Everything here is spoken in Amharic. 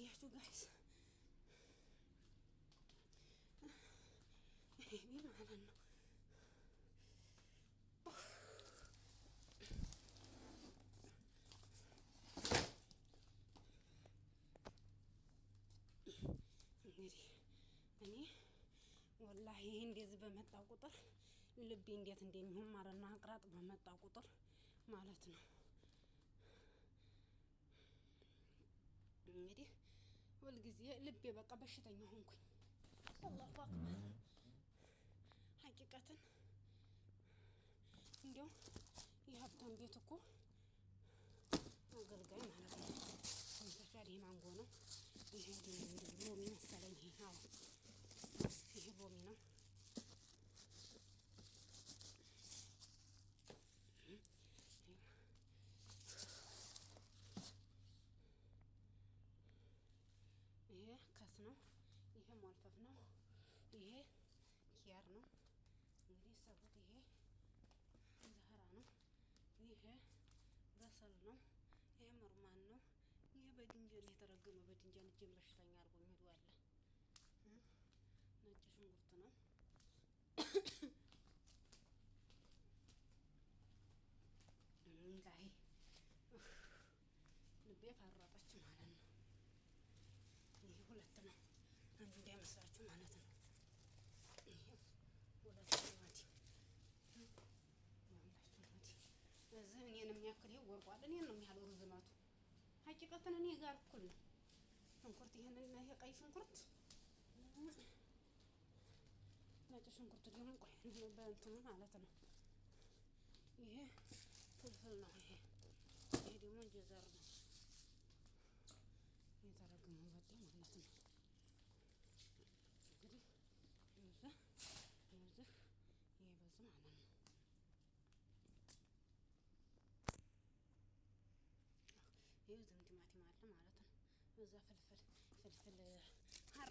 አያችሁ ጋይስ ይሄ ማለት ነው። እንግዲህ እኔ ወላሂ ይሄ እንደዚህ በመጣ ቁጥር ልቤ እንዴት እንደሚሆን ማለት ነው። አቅራጥ በመጣ ቁጥር ማለት ነው እንግዲህ ሁልጊዜ ልቤ በቃ በሽተኛ ሆንኩኝ። አላሁ አክበር ሀቂቀትን እንዲያው የሀብታም ቤት እኮ አገልጋይ ማለት ነው። ይሄ ማንጎ ነው። ይሄ ነው። ይሄ ሞልፈፍ ነው። ይሄ ኪያር ነው። እንግዲህ ሰቡት። ይሄ ዘህራ ነው። ይሄ በሰል ነው። ይሄ ምርማን ነው። ይሄ በድንጀን የተረገመ በድንጀን እጅን በሽተኛ አድርጎ የሚሄዱ አለ። ነጭ ሽንኩርት ነው። ላይ ልቤ ፈረጠች ማለት ስራችሁ ማለት ነው። እዚህ እኔን የሚያክል ይኸው ወርቋል። እኔን ነው የሚያህል ርዝመቱ ሀቂቀትን እኔ ጋር እኩል ነው። ሽንኩርት ይህንና ይሄ ቀይ ሽንኩርት ነጭ ሽንኩርት ደግሞ ቆይ በእንትኑ ማለት ነው። ይሄ ፍልፍል ነው። ይሄ ይሄ ደግሞ እንጀዘር ነው። ይኸው ዝም ቲማቲም አለ ማለት ነው። እዛ ፍልፍል ፍልፍል